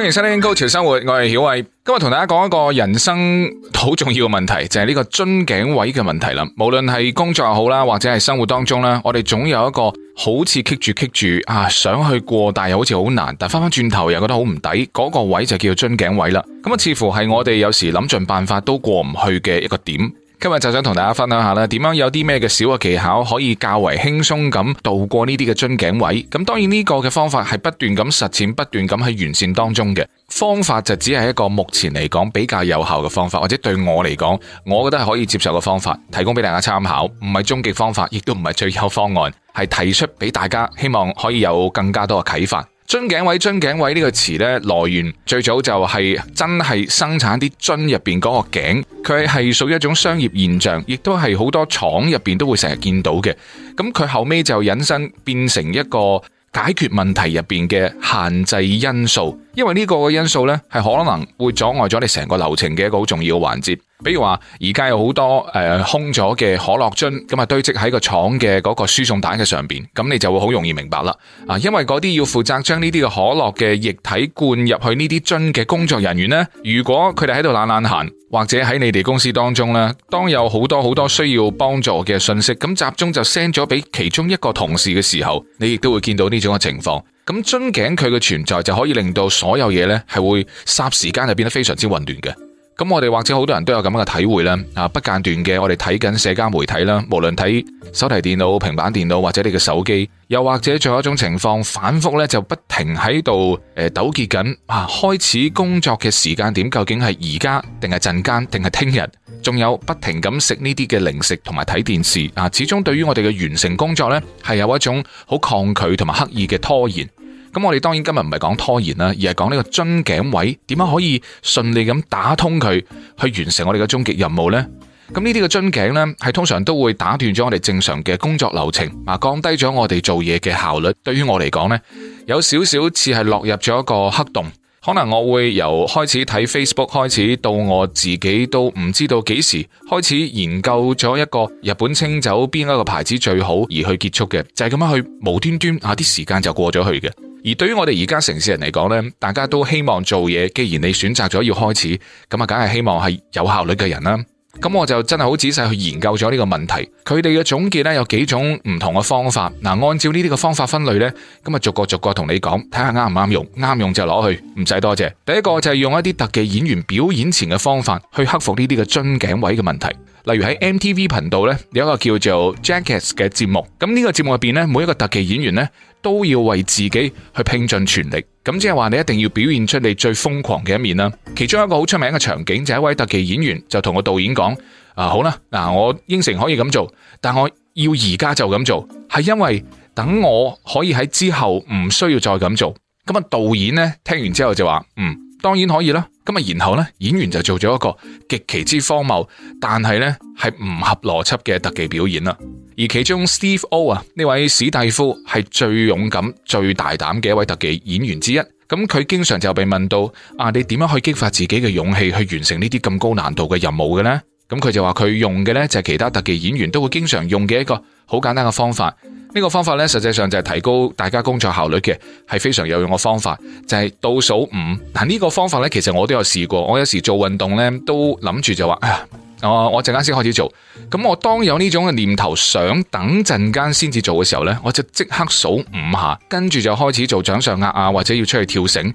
歡迎收聽高潮生活，我係曉偉，今日同大家講一個人生好重要嘅問題，就係呢個樽頸位嘅問題啦。無論係工作又好啦，或者係生活當中啦，我哋總有一個好似棘住棘住啊，想去過，但又好似好難，但係翻翻轉頭又覺得好唔抵，嗰個位就叫做樽頸位啦。咁啊，似乎係我哋有時諗盡辦法都過唔去嘅一個點。今日就想同大家分享下啦，點樣有啲咩嘅小嘅技巧，可以較為輕鬆咁度過呢啲嘅樽頸位。咁當然呢個嘅方法係不斷咁實踐，不斷咁去完善，當中嘅方法就只係一個目前嚟講比較有效嘅方法，或者對我嚟講，我覺得係可以接受嘅方法，提供俾大家參考，唔係終極方法，亦都唔係最優方案，係提出俾大家，希望可以有更加多嘅啟發。樽頸位，樽頸位呢個詞呢，來源最早就係真係生產啲樽入邊嗰個頸，佢係屬於一種商業現象，亦都係好多廠入邊都會成日見到嘅。咁佢後尾就引申變成一個解決問題入邊嘅限制因素，因為呢個因素呢，係可能會阻礙咗你成個流程嘅一個好重要嘅環節。比如話，而家有好多誒、呃、空咗嘅可樂樽，咁啊堆積喺個廠嘅嗰個輸送帶嘅上邊，咁你就會好容易明白啦。啊，因為嗰啲要負責將呢啲嘅可樂嘅液體灌入去呢啲樽嘅工作人員呢，如果佢哋喺度懶懶閒，或者喺你哋公司當中呢，當有好多好多需要幫助嘅信息，咁集中就 send 咗俾其中一個同事嘅時候，你亦都會見到呢種嘅情況。咁樽頸佢嘅存在就可以令到所有嘢呢係會霎時間就變得非常之混亂嘅。.咁、嗯、我哋或者好多人都有咁樣嘅體會啦，啊不間斷嘅我哋睇緊社交媒體啦，無論睇手提電腦、平板電腦或者你嘅手機，又或者仲有一種情況反覆呢就不停喺度誒糾結緊啊，開始工作嘅時間點究竟係而家定係陣間定係聽日，仲有不停咁食呢啲嘅零食同埋睇電視啊，始終對於我哋嘅完成工作呢，係有一種好抗拒同埋刻意嘅拖延。咁我哋當然今日唔係講拖延啦，而係講呢個樽頸位點樣可以順利咁打通佢，去完成我哋嘅終極任務呢。咁呢啲嘅樽頸呢，係通常都會打斷咗我哋正常嘅工作流程，啊，降低咗我哋做嘢嘅效率。對於我嚟講呢,有少少似係落入咗一個黑洞，可能我會由開始睇 Facebook 開始，到我自己都唔知道幾時開始研究咗一個日本清酒邊一個牌子最好而去結束嘅，就係咁樣去無端端啊啲時間就過咗去嘅。而對於我哋而家城市人嚟講咧，大家都希望做嘢。既然你選擇咗要開始，咁啊，梗係希望係有效率嘅人啦。咁我就真係好仔細去研究咗呢個問題。佢哋嘅總結呢，有幾種唔同嘅方法。嗱，按照呢啲嘅方法分類呢，咁啊逐個逐個同你講，睇下啱唔啱用，啱用就攞去，唔使多謝。第一個就係用一啲特技演員表演前嘅方法去克服呢啲嘅樽頸位嘅問題。例如喺 MTV 頻道呢，有一個叫做 Jackass 嘅節目，咁呢個節目入邊呢，每一個特技演員呢。都要為自己去拼盡全力，咁即係話你一定要表現出你最瘋狂嘅一面啦。其中一個好出名嘅場景就係一位特技演員就同個導演講：啊好啦，嗱我應承可以咁做，但我要而家就咁做，係因為等我可以喺之後唔需要再咁做。咁啊，導演呢，聽完之後就話：嗯，當然可以啦。咁啊，然後呢，演員就做咗一個極其之荒謬，但係呢係唔合邏輯嘅特技表演啦。而其中 Steve O 啊，呢位史蒂夫係最勇敢、最大膽嘅一位特技演員之一。咁佢經常就被問到：啊，你點樣去激發自己嘅勇氣去完成呢啲咁高難度嘅任務嘅呢？咁佢就話，佢用嘅呢，就係其他特技演員都會經常用嘅一個好簡單嘅方法。呢個方法呢，實際上就係提高大家工作效率嘅，係非常有用嘅方法。就係倒數五。嗱，呢個方法呢，其實我都有試過，我有時做運動呢，都諗住就話啊。哦，我陣間先開始做，咁我當有呢種嘅念頭想等陣間先至做嘅時候呢，我就即刻數五下，跟住就開始做掌上壓啊，或者要出去跳繩。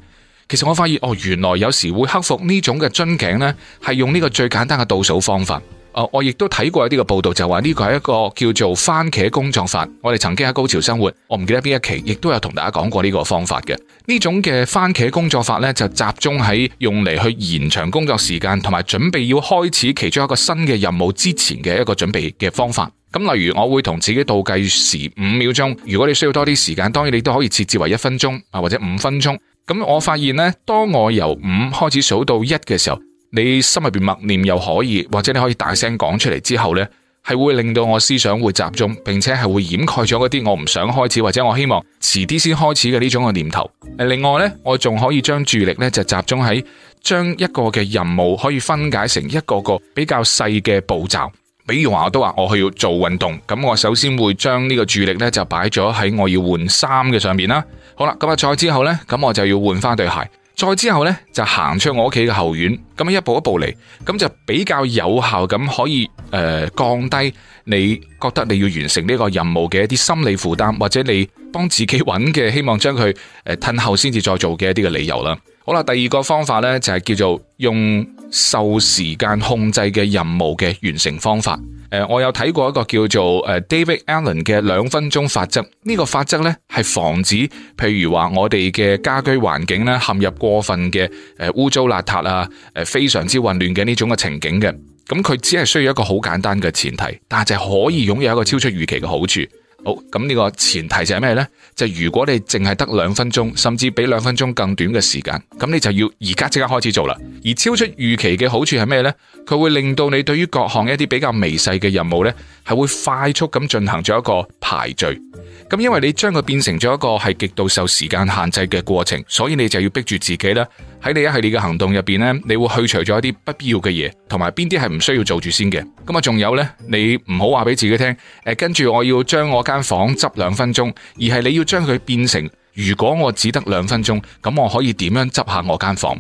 其實我發現哦，原來有時會克服呢種嘅樽頸呢，係用呢個最簡單嘅倒數方法。哦，我亦都睇過呢個報道，就話呢個係一個叫做番茄工作法。我哋曾經喺《高潮生活》，我唔記得邊一期，亦都有同大家講過呢個方法嘅。呢種嘅番茄工作法呢，就集中喺用嚟去延長工作時間，同埋準備要開始其中一個新嘅任務之前嘅一個準備嘅方法。咁例如，我會同自己倒計時五秒鐘。如果你需要多啲時間，當然你都可以設置為一分鐘啊，或者五分鐘。咁我發現呢，當我由五開始數到一嘅時候。你心入邊默念又可以，或者你可以大聲講出嚟，之後呢，係會令到我思想會集中，並且係會掩蓋咗嗰啲我唔想開始或者我希望遲啲先開始嘅呢種嘅念頭。另外呢，我仲可以將注意力呢，就集中喺將一個嘅任務可以分解成一個個比較細嘅步驟。比如話，我都話我去要做運動，咁我首先會將呢個注意力呢，就擺咗喺我要換衫嘅上面啦。好啦，咁啊再之後呢，咁我就要換翻對鞋。再之後咧，就行出我屋企嘅後院，咁一步一步嚟，咁就比較有效咁可以誒、呃、降低你覺得你要完成呢個任務嘅一啲心理負擔，或者你幫自己揾嘅希望將佢誒褪後先至再做嘅一啲嘅理由啦。好啦，第二個方法咧，就係、是、叫做用。受時間控制嘅任務嘅完成方法，誒、呃，我有睇過一個叫做誒 David Allen 嘅兩分鐘法則，呢、這個法則呢，係防止，譬如話我哋嘅家居環境咧陷入過分嘅誒污糟邋遢啊，誒非常之混亂嘅呢種嘅情景嘅，咁、嗯、佢只係需要一個好簡單嘅前提，但係就可以擁有一個超出預期嘅好處。好，咁呢個前提就係咩呢？就如果你淨係得兩分鐘，甚至比兩分鐘更短嘅時間，咁你就要而家即刻開始做啦。而超出預期嘅好處係咩呢？佢會令到你對於各項一啲比較微細嘅任務呢，係會快速咁進行咗一個排序。咁因為你將佢變成咗一個係極度受時間限制嘅過程，所以你就要逼住自己啦。喺你一系列嘅行動入邊呢，你會去除咗一啲不必要嘅嘢，同埋邊啲係唔需要做住先嘅。咁啊，仲有呢，你唔好話俾自己聽，跟住我要將我間房執兩分鐘，而係你要將佢變成，如果我只得兩分鐘，咁我可以點樣執下我間房？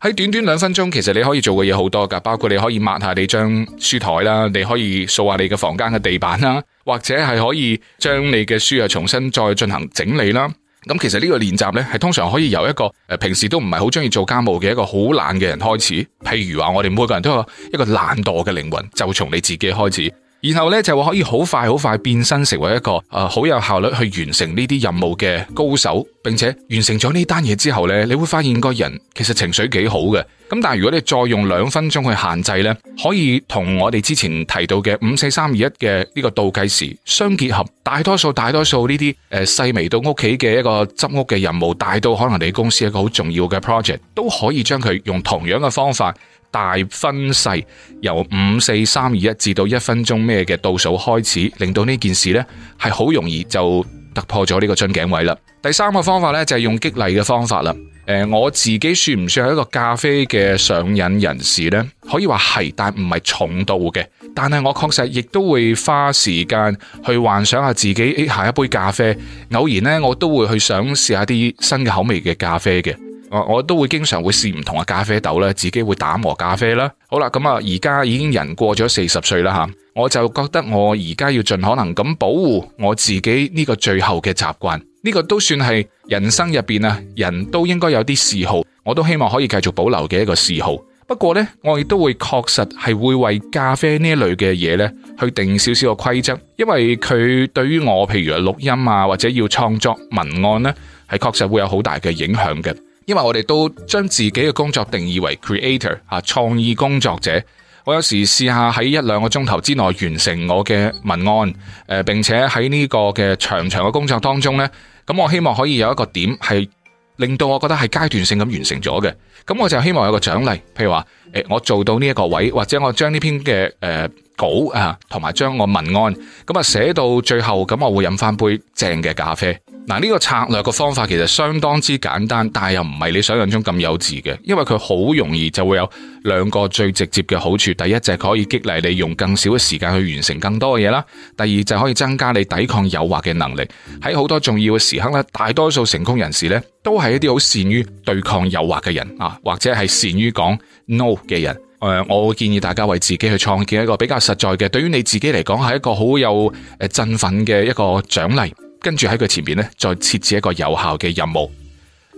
喺短短兩分鐘，其實你可以做嘅嘢好多噶，包括你可以抹下你張書台啦，你可以掃下你嘅房間嘅地板啦。或者係可以將你嘅書啊重新再進行整理啦。咁其實呢個練習呢，係通常可以由一個誒平時都唔係好中意做家務嘅一個好懶嘅人開始。譬如話我哋每個人都有一個懶惰嘅靈魂，就從你自己開始，然後呢，就話可以好快好快變身成為一個誒好有效率去完成呢啲任務嘅高手，並且完成咗呢單嘢之後呢，你會發現個人其實情緒幾好嘅。咁但係如果你再用兩分鐘去限制咧，可以同我哋之前提到嘅五四三二一嘅呢個倒計時相結合，大多數大多數呢啲誒，細微到屋企嘅一個執屋嘅任務，大到可能你公司一個好重要嘅 project，都可以將佢用同樣嘅方法大分細，由五四三二一至到一分鐘咩嘅倒數開始，令到呢件事咧係好容易就突破咗呢個樽頸位啦。第三個方法咧就係用激勵嘅方法啦。誒、呃，我自己算唔算係一個咖啡嘅上癮人士呢？可以話係，但唔係重度嘅。但係我確實亦都會花時間去幻想下自己，下一杯咖啡。偶然呢，我都會去想試下啲新嘅口味嘅咖啡嘅。我我都會經常會試唔同嘅咖啡豆咧，自己會打磨咖啡啦。好啦，咁啊，而家已經人過咗四十歲啦吓，我就覺得我而家要盡可能咁保護我自己呢個最後嘅習慣。呢個都算係人生入邊啊，人都應該有啲嗜好，我都希望可以繼續保留嘅一個嗜好。不過呢，我亦都會確實係會為咖啡呢一類嘅嘢，呢去定少少個規則，因為佢對於我譬如話錄音啊，或者要創作文案呢，係確實會有好大嘅影響嘅。因為我哋都將自己嘅工作定義為 creator 啊，創意工作者。我有時試下喺一兩個鐘頭之內完成我嘅文案，誒並且喺呢個嘅長長嘅工作當中咧，咁我希望可以有一個點係令到我覺得係階段性咁完成咗嘅，咁我就希望有個獎勵，譬如話。誒，我做到呢一個位，或者我將呢篇嘅誒稿啊，同埋將我文案咁啊寫到最後，咁我會飲翻杯正嘅咖啡。嗱，呢個策略個方法其實相當之簡單，但係又唔係你想象中咁幼稚嘅，因為佢好容易就會有兩個最直接嘅好處。第一就可以激勵你用更少嘅時間去完成更多嘅嘢啦；第二就係可以增加你抵抗誘惑嘅能力。喺好多重要嘅時刻咧，大多數成功人士咧都係一啲好善於對抗誘惑嘅人啊，或者係善於講 no。嘅人，誒，我會建議大家為自己去創建一個比較實在嘅，對於你自己嚟講係一個好有誒振奮嘅一個獎勵，跟住喺佢前面呢，再設置一個有效嘅任務。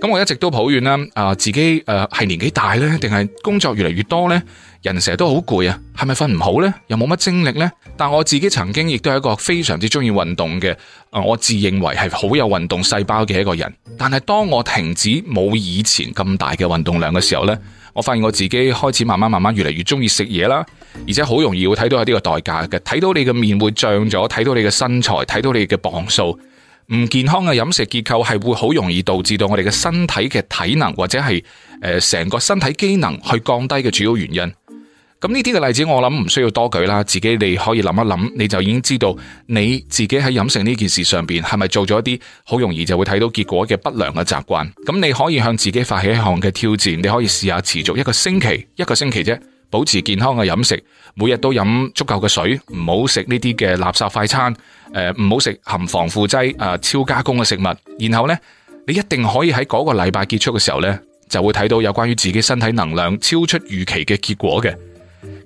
咁我一直都抱怨啦，啊、呃，自己誒係、呃、年紀大呢，定係工作越嚟越多呢？人成日都好攰啊，係咪瞓唔好呢？又冇乜精力呢。但我自己曾經亦都係一個非常之中意運動嘅、呃，我自認為係好有運動細胞嘅一個人。但係當我停止冇以前咁大嘅運動量嘅時候呢，我發現我自己開始慢慢慢慢越嚟越鍾意食嘢啦，而且好容易會睇到有呢個代價嘅，睇到你嘅面會漲咗，睇到你嘅身材，睇到你嘅磅數，唔健康嘅飲食結構係會好容易導致到我哋嘅身體嘅體能或者係誒成個身體機能去降低嘅主要原因。咁呢啲嘅例子，我諗唔需要多舉啦。自己哋可以諗一諗，你就已經知道你自己喺飲食呢件事上邊係咪做咗一啲好容易就會睇到結果嘅不良嘅習慣。咁你可以向自己發起一項嘅挑戰，你可以試下持續一個星期，一個星期啫，保持健康嘅飲食，每日都飲足夠嘅水，唔好食呢啲嘅垃圾快餐，誒、呃，唔好食含防腐劑啊、呃、超加工嘅食物。然後呢，你一定可以喺嗰個禮拜結束嘅時候呢，就會睇到有關於自己身體能量超出預期嘅結果嘅。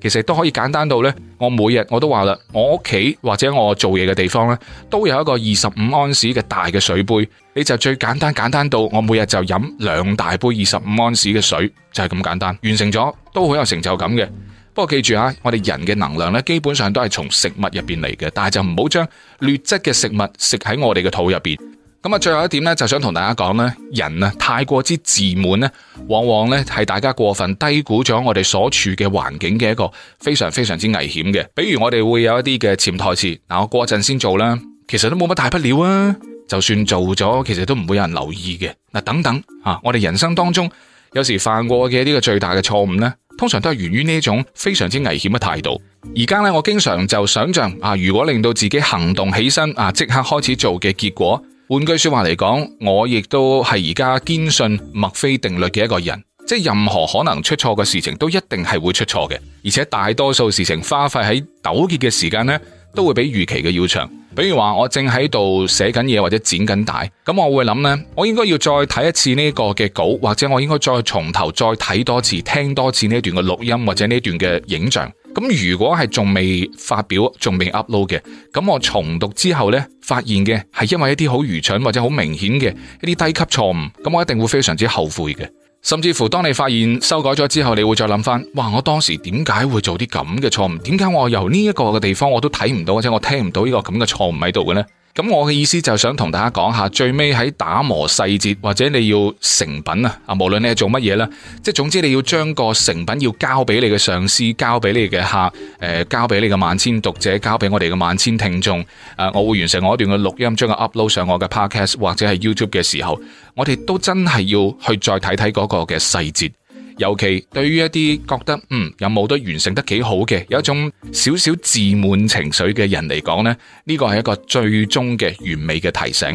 其實都可以簡單到呢。我每日我都話啦，我屋企或者我做嘢嘅地方呢，都有一個二十五安士嘅大嘅水杯，你就最簡單，簡單到我每日就飲兩大杯二十五安士嘅水，就係咁簡單，完成咗，都好有成就感嘅。不過記住啊，我哋人嘅能量呢，基本上都係從食物入邊嚟嘅，但係就唔好將劣質嘅食物食喺我哋嘅肚入邊。咁啊，最後一點咧，就想同大家講咧，人啊，太過之自滿咧，往往咧係大家過分低估咗我哋所處嘅環境嘅一個非常非常之危險嘅。比如我哋會有一啲嘅潛台詞，嗱，我過一陣先做啦，其實都冇乜大不了啊，就算做咗，其實都唔會有人留意嘅。嗱，等等啊，我哋人生當中有時犯過嘅呢個最大嘅錯誤咧，通常都係源於呢種非常之危險嘅態度。而家咧，我經常就想象啊，如果令到自己行動起身啊，即刻開始做嘅結果。換句說話嚟講，我亦都係而家堅信墨菲定律嘅一個人，即任何可能出錯嘅事情都一定係會出錯嘅。而且大多數事情花費喺糾結嘅時間呢，都會比預期嘅要長。比如話我正喺度寫緊嘢或者剪緊帶，咁我會諗呢：我應該要再睇一次呢個嘅稿，或者我應該再從頭再睇多次、聽多次呢段嘅錄音或者呢段嘅影像。咁如果係仲未發表，仲未 upload 嘅，咁我重讀之後呢，發現嘅係因為一啲好愚蠢或者好明顯嘅一啲低級錯誤，咁我一定會非常之後悔嘅。甚至乎當你發現修改咗之後，你會再諗翻，哇！我當時點解會做啲咁嘅錯誤？點解我由呢一個嘅地方我都睇唔到，或者我聽唔到呢個咁嘅錯誤喺度嘅呢？」咁我嘅意思就想同大家講下，最尾喺打磨細節或者你要成品啊，啊，無論你係做乜嘢咧，即係總之你要將個成品要交俾你嘅上司，交俾你嘅客，誒、呃，交俾你嘅萬千讀者，交俾我哋嘅萬千聽眾。誒、啊，我會完成我一段嘅錄音，將個 upload 上我嘅 podcast 或者係 YouTube 嘅時候，我哋都真係要去再睇睇嗰個嘅細節。尤其對於一啲覺得嗯，有冇都完成得幾好嘅，有一種少少自滿情緒嘅人嚟講咧，呢個係一個最終嘅完美嘅提醒。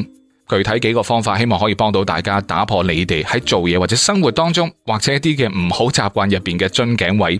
具體幾個方法，希望可以幫到大家打破你哋喺做嘢或者生活當中或者一啲嘅唔好習慣入邊嘅樽頸位。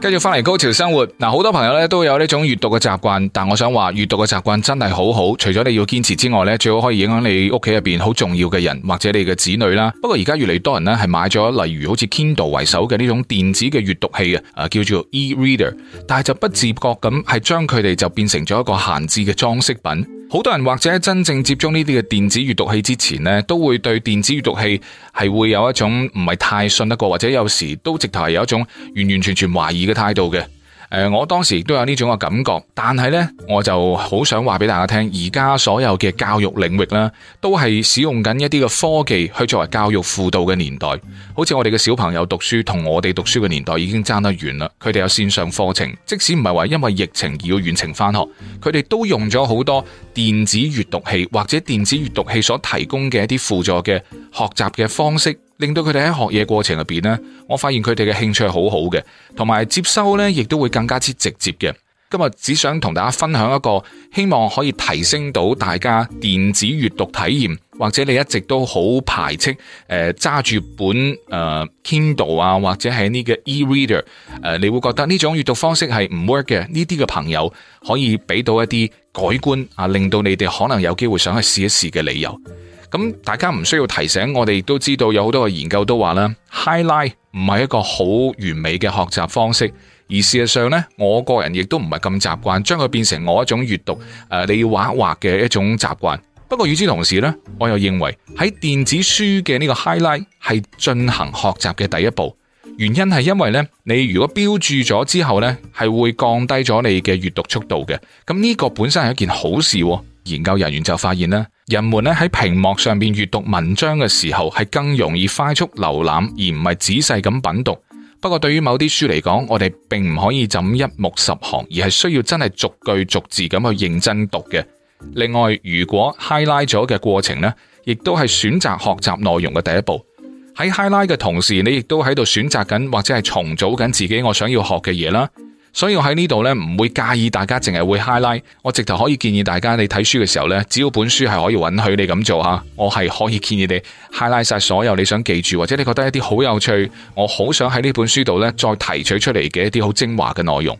繼續翻嚟高潮生活，嗱好多朋友咧都有呢種閱讀嘅習慣，但我想話閱讀嘅習慣真係好好，除咗你要堅持之外咧，最好可以影響你屋企入邊好重要嘅人或者你嘅子女啦。不過而家越嚟越多人咧係買咗例如好似 Kindle 為首嘅呢種電子嘅閱讀器嘅，誒叫做 e-reader，但係就不自覺咁係將佢哋就變成咗一個閒置嘅裝飾品。好多人或者真正接觸呢啲嘅電子閱讀器之前呢，都會對電子閱讀器係會有一種唔係太信得過，或者有時都直頭係有一種完完全全懷疑嘅態度嘅。誒，我當時亦都有呢種嘅感覺，但係呢，我就好想話俾大家聽，而家所有嘅教育領域啦，都係使用緊一啲嘅科技去作為教育輔導嘅年代。好似我哋嘅小朋友讀書，同我哋讀書嘅年代已經爭得遠啦。佢哋有線上課程，即使唔係話因為疫情而要遠程翻學，佢哋都用咗好多電子閱讀器或者電子閱讀器所提供嘅一啲輔助嘅學習嘅方式。令到佢哋喺學嘢過程入邊呢，我發現佢哋嘅興趣係好好嘅，同埋接收呢亦都會更加之直接嘅。今日只想同大家分享一個，希望可以提升到大家電子閱讀體驗，或者你一直都好排斥誒，揸住本、呃、誒、呃、Kindle 啊，或者係呢個 e-reader，誒、呃，你會覺得呢種閱讀方式係唔 work 嘅？呢啲嘅朋友可以俾到一啲改觀啊，令到你哋可能有機會想去試一試嘅理由。咁大家唔需要提醒，我哋都知道有好多嘅研究都話啦，highlight 唔係一個好完美嘅學習方式，而事實上咧，我個人亦都唔係咁習慣將佢變成我一種閱讀誒你要劃一劃嘅一種習慣。不過與此同時咧，我又認為喺電子書嘅呢個 highlight 係進行學習嘅第一步，原因係因為咧，你如果標注咗之後咧，係會降低咗你嘅閱讀速度嘅，咁呢個本身係一件好事哦。研究人員就發現咧，人們咧喺屏幕上邊閱讀文章嘅時候，係更容易快速瀏覽，而唔係仔細咁品讀。不過對於某啲書嚟講，我哋並唔可以就咁一目十行，而係需要真係逐句逐字咁去認真讀嘅。另外，如果 highlight 咗嘅過程呢，亦都係選擇學習內容嘅第一步。喺 highlight 嘅同時，你亦都喺度選擇緊或者係重組緊自己我想要學嘅嘢啦。所以我喺呢度呢，唔會介意大家淨係會 highlight。我直頭可以建議大家，你睇書嘅時候呢，只要本書係可以允許你咁做吓，我係可以建議你 highlight 晒所有你想記住，或者你覺得一啲好有趣，我好想喺呢本書度呢，再提取出嚟嘅一啲好精華嘅內容。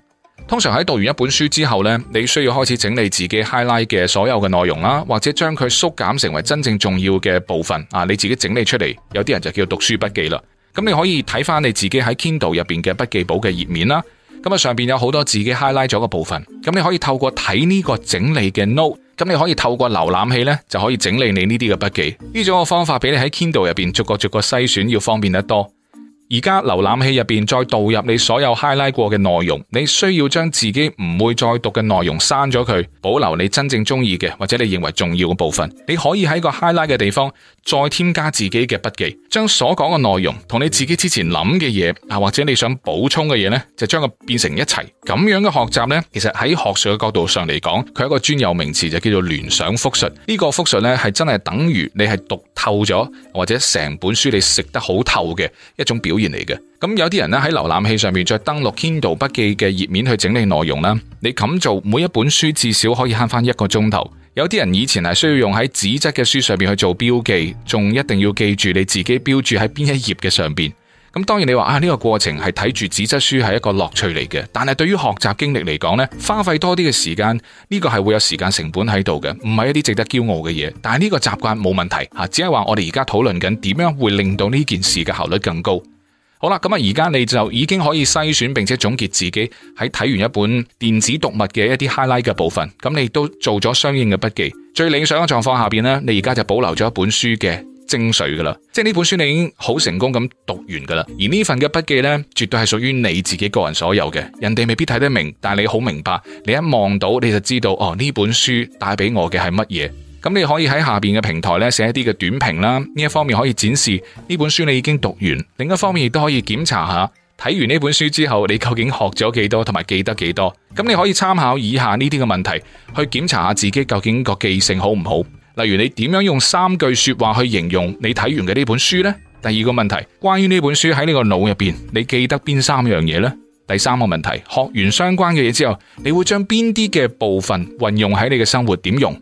通常喺讀完一本書之後呢，你需要開始整理自己 highlight 嘅所有嘅內容啦，或者將佢縮減成為真正重要嘅部分啊。你自己整理出嚟，有啲人就叫讀書筆記啦。咁你可以睇翻你自己喺 Kindle 入邊嘅筆記簿嘅頁面啦。咁啊，上面有好多自己 highlight 咗嘅部分，咁你可以透過睇呢個整理嘅 note，咁你可以透過瀏覽器咧就可以整理你呢啲嘅筆記，呢種嘅方法比你喺 Kindle 入邊逐個逐個篩選要方便得多。而家瀏覽器入邊再導入你所有 highlight 過嘅內容，你需要將自己唔會再讀嘅內容刪咗佢，保留你真正中意嘅或者你認為重要嘅部分。你可以喺個 highlight 嘅地方再添加自己嘅筆記，將所講嘅內容同你自己之前諗嘅嘢啊，或者你想補充嘅嘢呢，就將佢變成一齊。咁樣嘅學習呢，其實喺學術嘅角度上嚟講，佢係一個專有名詞就叫做聯想複述。呢、這個複述呢，係真係等於你係讀透咗，或者成本書你食得好透嘅一種表現。然嚟嘅，咁、嗯、有啲人咧喺瀏覽器上面再登錄 Kindle 筆記嘅頁面去整理內容啦。你咁做，每一本書至少可以慳翻一個鐘頭。有啲人以前係需要用喺紙質嘅書上面去做標記，仲一定要記住你自己標注喺邊一頁嘅上邊。咁、嗯、當然你話啊呢、這個過程係睇住紙質書係一個樂趣嚟嘅，但係對於學習經歷嚟講呢，花費多啲嘅時間呢、這個係會有時間成本喺度嘅，唔係一啲值得驕傲嘅嘢。但係呢個習慣冇問題吓，只係話我哋而家討論緊點樣會令到呢件事嘅效率更高。好啦，咁啊，而家你就已經可以篩選並且總結自己喺睇完一本電子讀物嘅一啲 highlight 嘅部分，咁你都做咗相應嘅筆記。最理想嘅狀況下邊咧，你而家就保留咗一本書嘅精髓噶啦，即係呢本書你已經好成功咁讀完噶啦，而呢份嘅筆記咧，絕對係屬於你自己個人所有嘅，人哋未必睇得明，但係你好明白，你一望到你就知道，哦，呢本書帶俾我嘅係乜嘢。咁你可以喺下邊嘅平台咧寫一啲嘅短評啦。呢一方面可以展示呢本書你已經讀完，另一方面亦都可以檢查下睇完呢本書之後你究竟學咗幾多，同埋記得幾多。咁你可以參考以下呢啲嘅問題去檢查下自己究竟個記性好唔好。例如你點樣用三句說話去形容你睇完嘅呢本書呢？第二個問題，關於呢本書喺你個腦入邊你記得邊三樣嘢呢？第三個問題，學完相關嘅嘢之後，你會將邊啲嘅部分運用喺你嘅生活點用？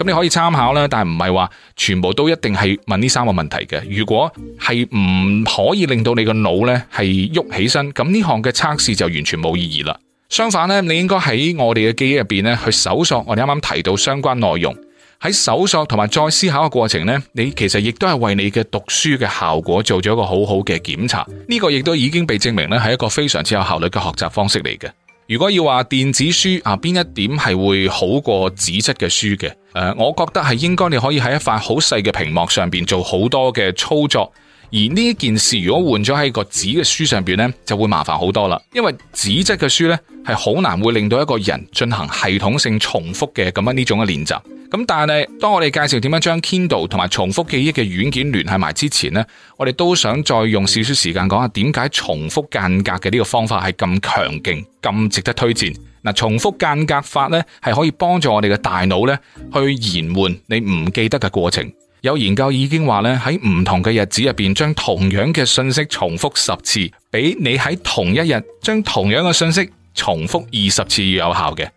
咁你可以參考啦，但係唔係話全部都一定係問呢三個問題嘅。如果係唔可以令到你個腦呢係喐起身，咁呢項嘅測試就完全冇意義啦。相反呢，你應該喺我哋嘅記憶入邊呢去搜索我哋啱啱提到相關內容。喺搜索同埋再思考嘅過程呢，你其實亦都係為你嘅讀書嘅效果做咗一個好好嘅檢查。呢個亦都已經被證明呢係一個非常之有效率嘅學習方式嚟嘅。如果要話電子書啊，邊一點係會好過紙質嘅書嘅？誒，我覺得係應該你可以喺一塊好細嘅屏幕上邊做好多嘅操作。而呢件事如果換咗喺個紙嘅書上邊呢，就會麻煩好多啦。因為紙質嘅書呢，係好難會令到一個人進行系統性重複嘅咁樣呢種嘅練習。咁但係當我哋介紹點樣將 Kindle 同埋重複記憶嘅軟件聯繫埋之前呢，我哋都想再用少少時間講下點解重複間隔嘅呢個方法係咁強勁、咁值得推薦。嗱，重複間隔法呢，係可以幫助我哋嘅大腦呢，去延緩你唔記得嘅過程。有研究已經話咧，喺唔同嘅日子入邊，將同樣嘅信息重複十次，比你喺同一日將同樣嘅信息重複二十次要有效嘅。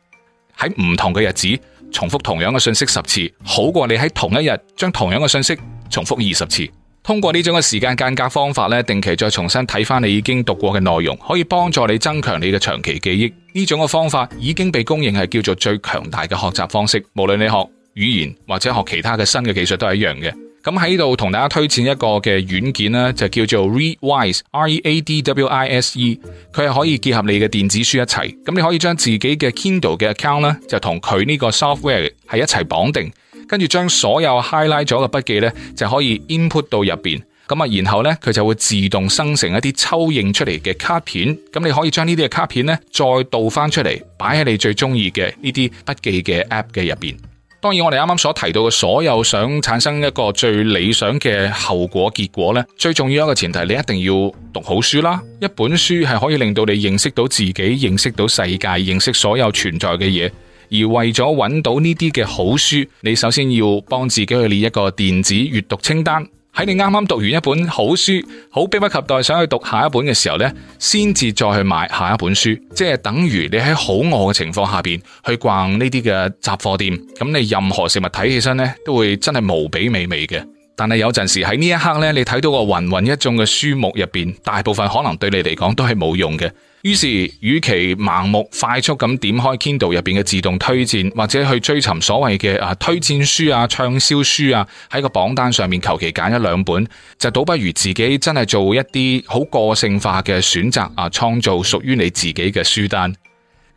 喺唔同嘅日子重複同樣嘅信息十次，好過你喺同一日將同樣嘅信息重複二十次。通過呢種嘅時間間隔方法咧，定期再重新睇返你已經讀過嘅內容，可以幫助你增強你嘅長期記憶。呢種嘅方法已經被公認係叫做最強大嘅學習方式，無論你學。語言或者學其他嘅新嘅技術都係一樣嘅。咁喺度同大家推薦一個嘅軟件咧，就叫做 Readwise，R-E-A-D-W-I-S-E。佢係可以結合你嘅電子書一齊。咁你可以將自己嘅 Kindle 嘅 account 呢，就同佢呢個 software 係一齊綁定，跟住將所有 highlight 咗嘅筆記呢，就可以 input 到入邊。咁啊，然後呢，佢就會自動生成一啲抽認出嚟嘅卡片。咁你可以將呢啲嘅卡片呢，再導翻出嚟擺喺你最中意嘅呢啲筆記嘅 app 嘅入邊。當然，我哋啱啱所提到嘅所有想產生一個最理想嘅後果結果呢，最重要一個前提，你一定要讀好書啦。一本書係可以令到你認識到自己、認識到世界、認識所有存在嘅嘢。而為咗揾到呢啲嘅好書，你首先要幫自己去列一個電子閱讀清單。喺你啱啱讀完一本好書，好迫不及待想去讀下一本嘅時候呢，先至再去買下一本書，即係等於你喺好餓嘅情況下邊去逛呢啲嘅雜貨店，咁你任何食物睇起身呢，都會真係無比美味嘅。但係有陣時喺呢一刻呢，你睇到個芸芸一眾嘅書目入邊，大部分可能對你嚟講都係冇用嘅。於是，與其盲目快速咁點開 Kindle 入邊嘅自動推薦，或者去追尋所謂嘅啊推薦書啊暢銷書啊喺個榜單上面求其揀一兩本，就倒不如自己真係做一啲好個性化嘅選擇啊，創造屬於你自己嘅書單。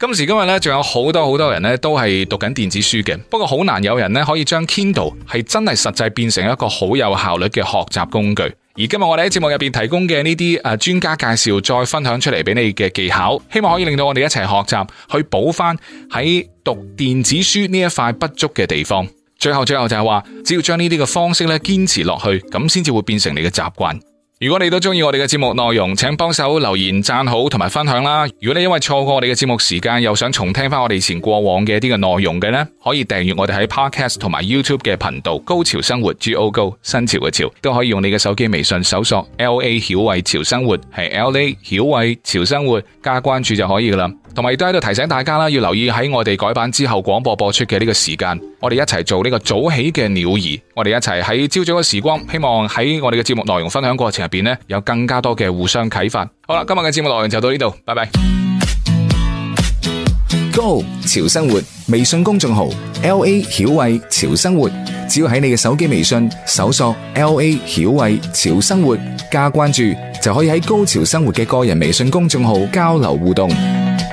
今時今日咧，仲有好多好多人咧都係讀緊電子書嘅，不過好難有人咧可以將 Kindle 係真係實際變成一個好有效率嘅學習工具。而今日我哋喺節目入邊提供嘅呢啲誒專家介紹，再分享出嚟俾你嘅技巧，希望可以令到我哋一齊學習去補翻喺讀電子書呢一塊不足嘅地方。最後，最後就係話，只要將呢啲嘅方式咧堅持落去，咁先至會變成你嘅習慣。如果你都中意我哋嘅節目內容，請幫手留言贊好同埋分享啦！如果你因為錯過我哋嘅節目時間，又想重聽翻我哋以前過往嘅啲嘅內容嘅呢，可以訂閱我哋喺 Podcast 同埋 YouTube 嘅頻道《高潮生活》G O G O 新潮嘅潮，都可以用你嘅手機微信搜索 L A 曉慧潮生活，係 L A 曉慧潮生活加關注就可以噶啦。同埋都喺度提醒大家啦，要留意喺我哋改版之後廣播播出嘅呢個時間。我哋一齊做呢個早起嘅鳥兒，我哋一齊喺朝早嘅時光，希望喺我哋嘅節目內容分享過程入邊咧，有更加多嘅互相啟發。好啦，今日嘅節目內容就到呢度，拜拜。Go 潮生活微信公衆號 L A 曉慧潮生活，只要喺你嘅手機微信搜索 L A 曉慧潮生活加關注，就可以喺高潮生活嘅個人微信公衆號交流互動。